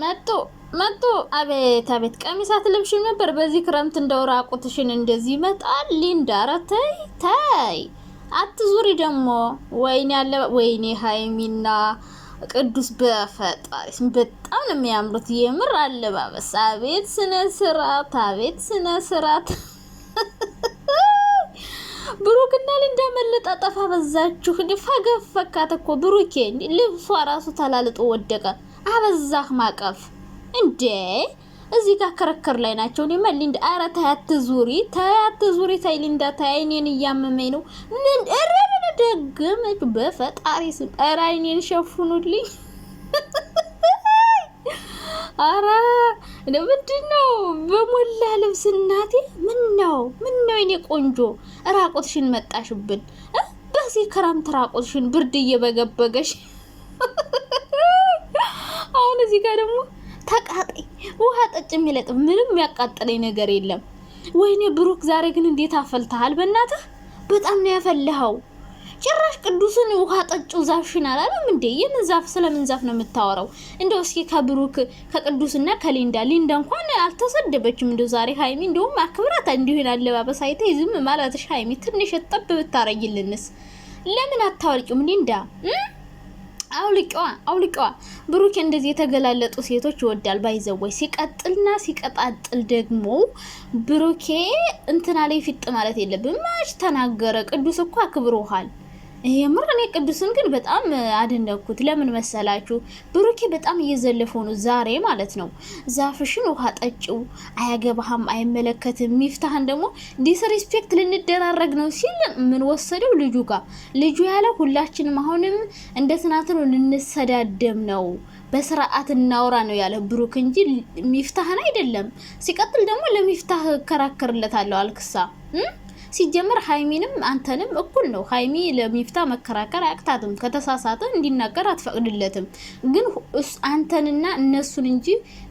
መጡ መጡ። አቤት አቤት! ቀሚስ አትለብሽም ነበር በዚህ ክረምት? እንደው ራቁትሽን እንደዚህ ይመጣል። ሊንዳ፣ ኧረ ተይ ተይ፣ አትዙሪ ደግሞ። ወይኔ ያለ ወይኔ፣ ሀይሚና ቅዱስ በፈጣሪ በጣም ነው የሚያምሩት። የምር አለባበስ፣ አቤት ስነ ስርዓት፣ አቤት ስነ ስርዓት። ብሩክና ሊንዳ መለጣጠፋ በዛችሁ። ፈገፈካት እኮ ብሩኬ፣ ልብሷ ራሱ ተላልጦ ወደቀ። አበዛህ ማቀፍ እንዴ! እዚህ ጋር ክርክር ላይ ናቸው። እኔማ ሊንዳ፣ ኧረ ታያት ዙሪ፣ ታያት ዙሪ፣ ታይ ታይኔን ታይ እያመመኝ ነው። ምን ኧረ ምን በፈጣሪ ስም ኧረ እኔን ሸፍኑልኝ። ኧረ ምንድን ነው በሞላ ልብስ እናቴ! ምን ነው ምን ነው የኔ ቆንጆ ራቆትሽን መጣሽብን። በዚህ ክረምት ራቆትሽን ብርድ እየበገበገሽ እዚህ ጋር ደግሞ ተቃጠይ ውሃ ጠጭ የሚለጥ ምንም ያቃጠለኝ ነገር የለም። ወይኔ ብሩክ ዛሬ ግን እንዴት አፈልተሃል! በእናትህ በጣም ነው ያፈልኸው። ጭራሽ ቅዱስን ውሃ ጠጩ ዛፍሽን አላለም እንዴ? ይህን ዛፍ ስለምን ዛፍ ነው የምታወራው? እንደው እስኪ ከብሩክ ከቅዱስና ከሊንዳ ሊንዳ እንኳን አልተሰደበችም። እንደው ዛሬ ሀይሚ እንደውም አክብራታ እንዲሁን አለባበስ አይተ ዝም ማለትሽ ሀይሚ ትንሽ ጠብ ብታረጊልንስ? ለምን አታወርቂም ሊንዳ? አውልቀዋ አውልቀዋ ብሩክ እንደዚህ የተገላለጡ ሴቶች ይወዳል። ባይዘወይ ሲቀጥልና ሲቀጣጥል ደግሞ ብሩኬ እንትና ላይ ፊጥ ማለት የለብም። ማች ተናገረ። ቅዱስ እኮ አክብሮሃል። የምር እኔ ቅዱስን ግን በጣም አደነኩት። ለምን መሰላችሁ? ብሩኬ በጣም እየዘለፈው ነው ዛሬ ማለት ነው። ዛፍሽን ውሃ ጠጪው፣ አያገባህም፣ አይመለከትም። ሚፍታህን ደግሞ ዲስሪስፔክት ልንደራረግ ነው ሲል ምን ወሰደው ልጁ ጋር። ልጁ ያለ ሁላችንም አሁንም እንደ ትናንት ነው ልንሰዳደም ነው በስርዓት እናውራ ነው ያለ ብሩክ እንጂ ሚፍታህን አይደለም። ሲቀጥል ደግሞ ለሚፍታህ እከራከርለታለሁ አልክሳ ሲጀመር ሀይሚንም አንተንም እኩል ነው። ሀይሚ ለሚፍታ መከራከር አያቅታትም። ከተሳሳተ እንዲናገር አትፈቅድለትም። ግን አንተንና እነሱን እንጂ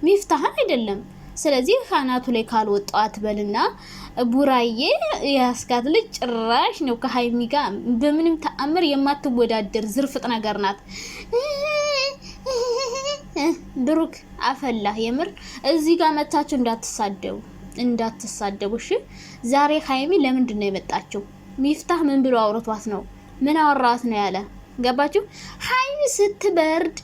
ሚፍታህን አይደለም። ስለዚህ ካናቱ ላይ ካልወጣው አትበልና ቡራዬ የያስጋት ልጅ ጭራሽ ነው ከሀይሚ ጋር በምንም ተአምር የማትወዳደር ዝርፍጥ ነገር ናት። ብሩክ አፈላህ የምር እዚህ ጋር መታችሁ እንዳትሳደቡ። እንዳትሳደቡ እሺ። ዛሬ ሀይሚ ለምንድን ነው የመጣችው? ሚፍታህ ምን ብሎ አውርቷት ነው? ምን አወራት ነው ያለ? ገባችሁ? ሀይሚ ስትበርድ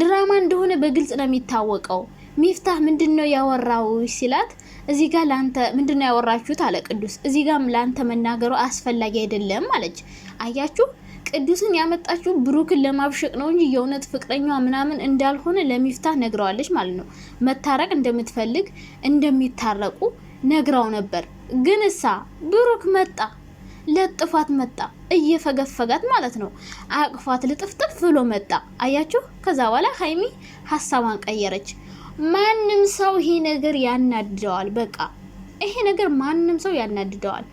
ድራማ እንደሆነ በግልጽ ነው የሚታወቀው። ሚፍታህ ምንድን ነው ያወራው ሲላት እዚህ ጋር ላንተ ምንድን ነው ያወራችሁት አለ ቅዱስ። እዚህ ጋርም ላንተ መናገሩ አስፈላጊ አይደለም አለች። አያችሁ ቅዱስን ያመጣችው ብሩክን ለማብሸቅ ነው እንጂ የእውነት ፍቅረኛዋ ምናምን እንዳልሆነ ለሚፍታህ ነግረዋለች ማለት ነው። መታረቅ እንደምትፈልግ እንደሚታረቁ ነግራው ነበር። ግን እሳ ብሩክ መጣ፣ ለጥፋት መጣ፣ እየፈገፈጋት ማለት ነው። አቅፏት ልጥፍጥፍ ብሎ መጣ። አያችሁ። ከዛ በኋላ ሀይሚ ሀሳቧን ቀየረች። ማንም ሰው ይሄ ነገር ያናድደዋል። በቃ ይሄ ነገር ማንም ሰው ያናድደዋል።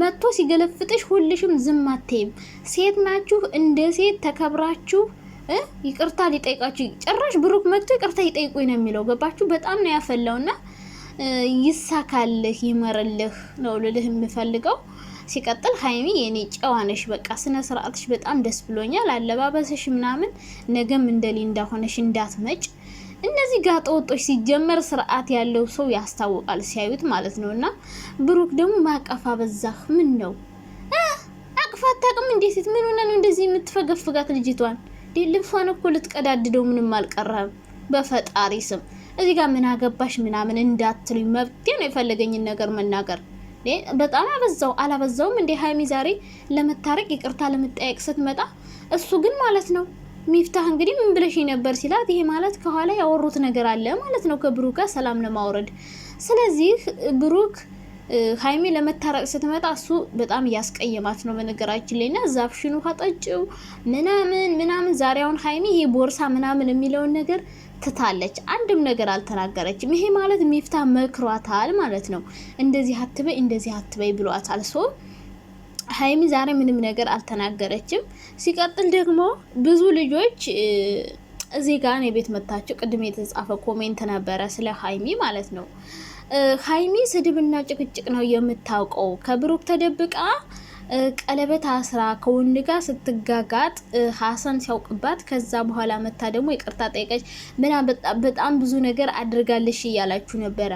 መጥቶ ሲገለፍጥሽ ሁልሽም ዝም አትይም። ሴት ናችሁ፣ እንደ ሴት ተከብራችሁ ይቅርታ ሊጠይቃችሁ ጭራሽ ብሩክ መጥቶ ይቅርታ ይጠይቁኝ ነው የሚለው። ገባችሁ? በጣም ነው ያፈላውና ይሳካልህ፣ ይመርልህ ነው ልልህ የምፈልገው። ሲቀጥል ሀይሚ የኔ ጨዋነሽ በቃ ስነ ስርዓትሽ በጣም ደስ ብሎኛል። አለባበስሽ ምናምን ነገም እንደሊ እንዳሆነሽ እንዳትመጭ እነዚህ ወጦች ሲጀመር ስርዓት ያለው ሰው ያስታውቃል ሲያዩት ማለት ነው። እና ብሩክ ደግሞ ማቀፋ በዛህ ምን ነው አቅፋ አታውቅም እንዴ? ሴት ምን ሆነ ነው እንደዚህ የምትፈገፍጋት ልጅቷን? ልብሷን እኮ ልትቀዳድደው ምንም አልቀረም። በፈጣሪ ስም እዚህ ጋር ምን አገባሽ ምናምን እንዳትሉኝ፣ መብቴ ነው የፈለገኝን ነገር መናገር። በጣም አበዛው አላበዛውም እንዴ? ሀይሚ ዛሬ ለመታረቅ ይቅርታ ለመጠየቅ ስትመጣ እሱ ግን ማለት ነው ሚፍታህ እንግዲህ ምን ብለሽ ነበር ሲላት፣ ይሄ ማለት ከኋላ ያወሩት ነገር አለ ማለት ነው ከብሩክ ጋር ሰላም ለማውረድ። ስለዚህ ብሩክ ሀይሚ ለመታረቅ ስትመጣ እሱ በጣም እያስቀየማት ነው በነገራችን ላይ እና ዛፍሽን ውሃ ጠጭው ምናምን ምናምን። ዛሬውን አሁን ይሄ ቦርሳ ምናምን የሚለውን ነገር ትታለች። አንድም ነገር አልተናገረችም። ይሄ ማለት ሚፍታህ መክሯታል ማለት ነው። እንደዚህ አትበይ እንደዚህ አትበይ ብሏታል ሶ ሀይሚ ዛሬ ምንም ነገር አልተናገረችም። ሲቀጥል ደግሞ ብዙ ልጆች እዚህ ጋር እኔ ቤት መታችሁ ቅድም የተጻፈ ኮሜንት ነበረ ስለ ሀይሚ ማለት ነው። ሀይሚ ስድብና ጭቅጭቅ ነው የምታውቀው። ከብሩክ ተደብቃ ቀለበት አስራ ከወንድ ጋር ስትጋጋጥ ሀሰን ሲያውቅባት ከዛ በኋላ መታ ደግሞ ይቅርታ ጠይቀች ምናምን በጣም ብዙ ነገር አድርጋለሽ እያላችሁ ነበረ።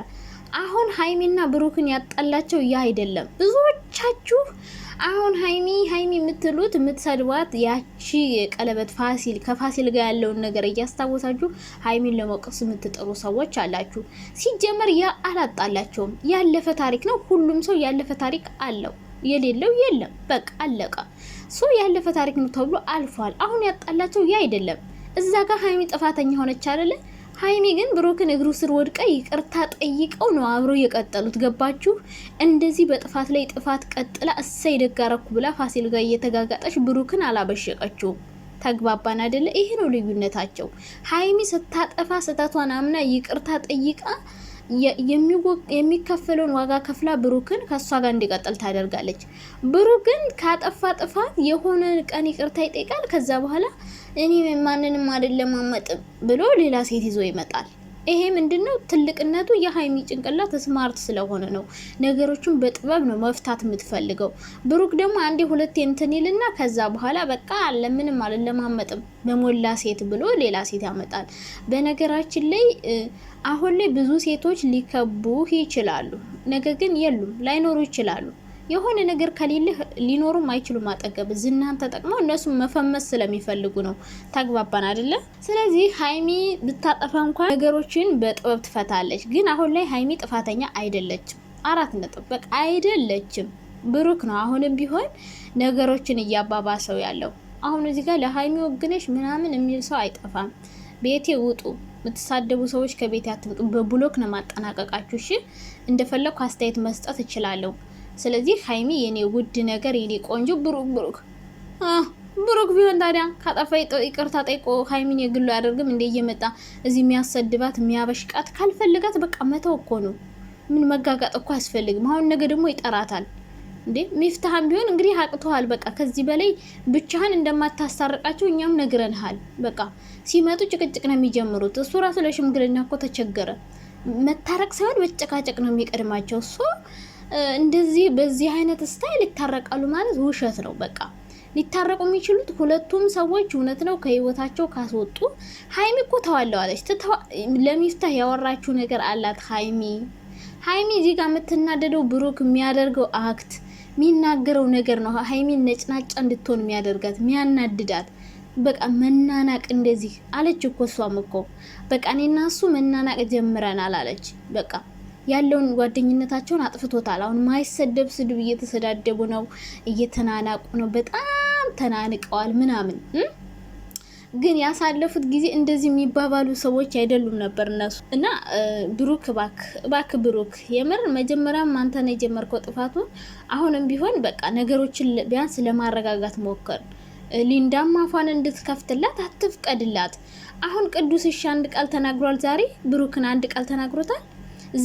አሁን ሀይሚና ብሩክን ያጣላቸው ያ አይደለም ብዙዎቻችሁ አሁን ሀይሚ ሀይሚ የምትሉት የምትሰድቧት ያቺ ቀለበት ፋሲል ከፋሲል ጋር ያለውን ነገር እያስታወሳችሁ ሀይሚን ለመውቀስ የምትጠሩ ሰዎች አላችሁ። ሲጀመር ያ አላጣላቸውም። ያለፈ ታሪክ ነው። ሁሉም ሰው ያለፈ ታሪክ አለው። የሌለው የለም። በቃ አለቀ። ሶ ያለፈ ታሪክ ነው ተብሎ አልፏል። አሁን ያጣላቸው ያ አይደለም። እዛ ጋር ሀይሚ ጥፋተኛ ሆነች አለ ሀይሚ ግን ብሩክን እግሩ ስር ወድቃ ይቅርታ ጠይቀው ነው አብረው የቀጠሉት። ገባችሁ? እንደዚህ በጥፋት ላይ ጥፋት ቀጥላ እሰይ ደጋረኩ ብላ ፋሲል ጋር እየተጋጋጠች ብሩክን አላበሸቀችውም። ተግባባን አደለ? ይሄ ነው ልዩነታቸው። ሀይሚ ስታጠፋ ስህተቷን አምና ይቅርታ ጠይቃ የሚከፈለውን ዋጋ ከፍላ ብሩክን ከእሷ ጋር እንዲቀጥል ታደርጋለች። ብሩክን ግን ካጠፋ ጥፋት የሆነ ቀን ይቅርታ ይጠይቃል። ከዛ በኋላ እኔ ማንንም አይደለም አመጥም ብሎ ሌላ ሴት ይዞ ይመጣል። ይሄ ምንድን ነው ትልቅነቱ? የሀይሚ ጭንቅላት ስማርት ስለሆነ ነው። ነገሮችን በጥበብ ነው መፍታት የምትፈልገው። ብሩክ ደግሞ አንዴ ሁለቴ እንትን ይልና ከዛ በኋላ በቃ ለምንም አልለማመጥም በሞላ ሴት ብሎ ሌላ ሴት ያመጣል። በነገራችን ላይ አሁን ላይ ብዙ ሴቶች ሊከቡህ ይችላሉ፣ ነገር ግን የሉም ላይኖሩ ይችላሉ የሆነ ነገር ከሌለህ ሊኖሩም አይችሉም አጠገብ። ዝናን ተጠቅመው እነሱ መፈመስ ስለሚፈልጉ ነው። ተግባባን አይደለ? ስለዚህ ሀይሚ ብታጠፋ እንኳን ነገሮችን በጥበብ ትፈታለች። ግን አሁን ላይ ሀይሚ ጥፋተኛ አይደለችም። አራት ነጥብ። በቃ አይደለችም። ብሩክ ነው አሁንም ቢሆን ነገሮችን እያባባሰው ያለው። አሁን እዚህ ጋር ለሀይሚ ወግነሽ ምናምን የሚል ሰው አይጠፋም። ቤቴ ውጡ የምትሳደቡ ሰዎች ከቤት አትምጡ። በብሎክ ነው ማጠናቀቃችሁ። እሺ እንደፈለግኩ አስተያየት መስጠት እችላለሁ። ስለዚህ ሀይሚ የኔ ውድ ነገር የኔ ቆንጆ ብሩክ ብሩክ ብሩክ ቢሆን ታዲያ ካጠፋ ይቅርታ ጠይቆ ሀይሚን የግሉ አያደርግም እንዴ? እየመጣ እዚህ የሚያሰድባት የሚያበሽቃት ካልፈልጋት በቃ መተው እኮ ነው። ምን መጋጋጥ እኮ አያስፈልግም። አሁን ነገ ደግሞ ይጠራታል እንዴ? ሚፍትሀም ቢሆን እንግዲህ አቅቶሃል። በቃ ከዚህ በላይ ብቻህን እንደማታስታርቃቸው እኛም ነግረንሃል። በቃ ሲመጡ ጭቅጭቅ ነው የሚጀምሩት። እሱ ራሱ ለሽምግልና እኮ ተቸገረ። መታረቅ ሳይሆን መጨቃጨቅ ነው የሚቀድማቸው እሱ እንደዚህ በዚህ አይነት ስታይል ይታረቃሉ ማለት ውሸት ነው። በቃ ሊታረቁ የሚችሉት ሁለቱም ሰዎች እውነት ነው ከህይወታቸው ካስወጡ። ሀይሚ እኮ ተዋለዋለች። ለሚፍታህ ያወራችው ነገር አላት ሀይሚ ሀይሚ እዚህ ጋር የምትናደደው ብሩክ የሚያደርገው አክት የሚናገረው ነገር ነው። ሀይሚን ነጭናጫ እንድትሆን የሚያደርጋት የሚያናድዳት በቃ መናናቅ እንደዚህ አለች እኮ እሷም እኮ በቃ እኔና እሱ መናናቅ ጀምረናል አለች በቃ ያለውን ጓደኝነታቸውን አጥፍቶታል። አሁን ማይሰደብ ስድብ እየተሰዳደቡ ነው፣ እየተናናቁ ነው። በጣም ተናንቀዋል ምናምን ግን ያሳለፉት ጊዜ እንደዚህ የሚባባሉ ሰዎች አይደሉም ነበር እነሱ እና ብሩክ ባክ ባክ ብሩክ የምር መጀመሪያም አንተ ነው የጀመርከው ጥፋቱን። አሁንም ቢሆን በቃ ነገሮችን ቢያንስ ለማረጋጋት ሞከር። ሊንዳም አፏን እንድትከፍትላት አትፍቀድላት። አሁን ቅዱስ እሺ አንድ ቃል ተናግሯል ዛሬ ብሩክን አንድ ቃል ተናግሮታል።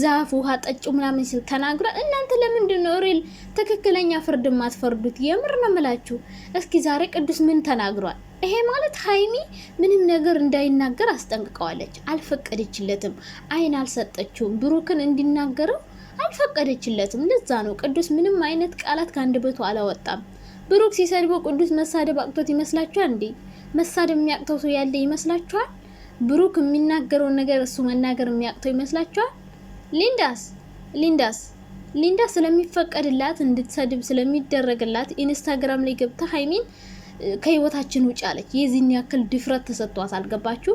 ዛፍ ውሃ ጠጩ ምናምን ሲል ተናግሯል። እናንተ ለምንድን ነው ሪል ትክክለኛ ፍርድ ማትፈርዱት? የምር ነው ምላችሁ። እስኪ ዛሬ ቅዱስ ምን ተናግሯል? ይሄ ማለት ሀይሚ ምንም ነገር እንዳይናገር አስጠንቅቀዋለች። አልፈቀደችለትም። አይን አልሰጠችውም። ብሩክን እንዲናገረው አልፈቀደችለትም። ለዛ ነው ቅዱስ ምንም አይነት ቃላት ከአንደበቱ አላወጣም። ብሩክ ሲሰድበው ቅዱስ መሳደብ አቅቶት ይመስላችኋል እንዴ? መሳደብ የሚያቅተው ሰው ያለ ይመስላችኋል? ብሩክ የሚናገረውን ነገር እሱ መናገር የሚያቅተው ይመስላችኋል? ሊንዳስ ሊንዳስ ሊንዳ ስለሚፈቀድላት እንድትሰድብ ስለሚደረግላት ኢንስታግራም ላይ ገብታ ሀይሚን ከህይወታችን ውጭ አለች። የዚህን ያክል ድፍረት ተሰጥቷት አልገባችሁ?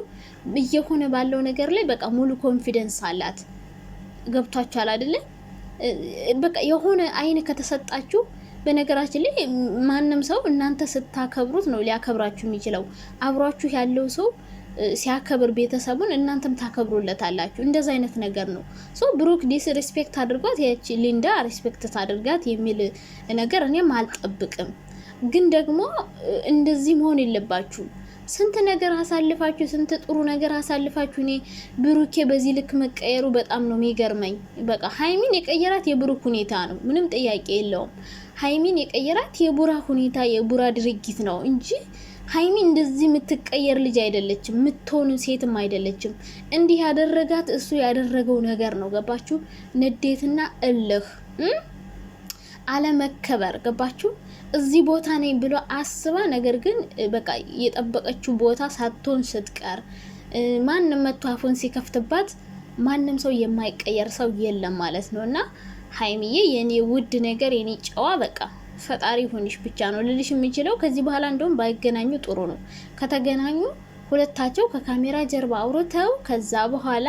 እየሆነ ባለው ነገር ላይ በቃ ሙሉ ኮንፊደንስ አላት። ገብቷችኋል አይደለ? በቃ የሆነ አይን ከተሰጣችሁ በነገራችን ላይ ማንም ሰው እናንተ ስታከብሩት ነው ሊያከብራችሁ የሚችለው። አብሯችሁ ያለው ሰው ሲያከብር ቤተሰቡን እናንተም ታከብሩለታላችሁ። እንደዚ አይነት ነገር ነው። ሶ ብሩክ ዲስ ሪስፔክት አድርጓት ያቺ ሊንዳ ሪስፔክት ታድርጋት የሚል ነገር እኔም አልጠብቅም። ግን ደግሞ እንደዚህ መሆን የለባችሁ ስንት ነገር አሳልፋችሁ ስንት ጥሩ ነገር አሳልፋችሁ እኔ ብሩኬ በዚህ ልክ መቀየሩ በጣም ነው የሚገርመኝ። በቃ ሀይሚን የቀየራት የብሩክ ሁኔታ ነው፣ ምንም ጥያቄ የለውም። ሀይሚን የቀየራት የቡራ ሁኔታ የቡራ ድርጊት ነው እንጂ ሀይሚ እንደዚህ የምትቀየር ልጅ አይደለችም፣ የምትሆን ሴትም አይደለችም። እንዲህ ያደረጋት እሱ ያደረገው ነገር ነው። ገባችሁ? ንዴትና እልህ አለመከበር ገባችሁ? እዚህ ቦታ ነኝ ብሎ አስባ ነገር ግን በቃ የጠበቀችው ቦታ ሳትሆን ስትቀር ማንም መቶ አፉን ሲከፍትባት ማንም ሰው የማይቀየር ሰው የለም ማለት ነው። እና ሀይሚዬ የኔ ውድ ነገር የኔ ጨዋ በቃ ፈጣሪ ሆንሽ ብቻ ነው ልልሽ የምችለው። ከዚህ በኋላ እንደውም ባይገናኙ ጥሩ ነው። ከተገናኙ ሁለታቸው ከካሜራ ጀርባ አውርተው ከዛ በኋላ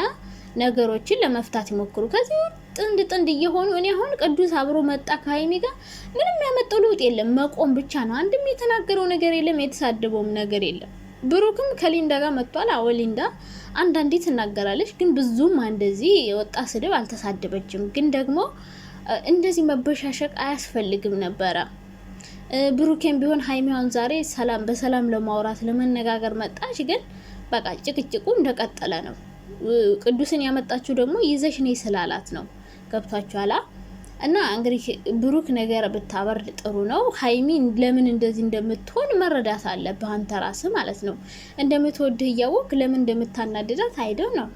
ነገሮችን ለመፍታት ይሞክሩ። ከዚህ ጥንድ ጥንድ እየሆኑ እኔ አሁን ቅዱስ አብሮ መጣ ከሀይሚ ጋር ምንም ያመጣው ለውጥ የለም፣ መቆም ብቻ ነው። አንድም የተናገረው ነገር የለም፣ የተሳደበውም ነገር የለም። ብሩክም ከሊንዳ ጋር መጥቷል። አዎ ሊንዳ አንዳንዴ ትናገራለች፣ ግን ብዙም እንደዚህ የወጣ ስድብ አልተሳደበችም። ግን ደግሞ እንደዚህ መበሻሸቅ አያስፈልግም ነበረ። ብሩኬም ቢሆን ሀይሚዋን ዛሬ ሰላም በሰላም ለማውራት ለመነጋገር መጣች። ግን በቃ ጭቅጭቁ እንደቀጠለ ነው። ቅዱስን ያመጣችው ደግሞ ይዘሽ ነይ ስላላት ነው። ገብቷችኋላ? እና እንግዲህ ብሩክ ነገር ብታበርድ ጥሩ ነው። ሀይሚ ለምን እንደዚህ እንደምትሆን መረዳት አለብህ አንተ ራስህ ማለት ነው። እንደምትወድህ እያወቅ ለምን እንደምታናድዳት አይደው ነው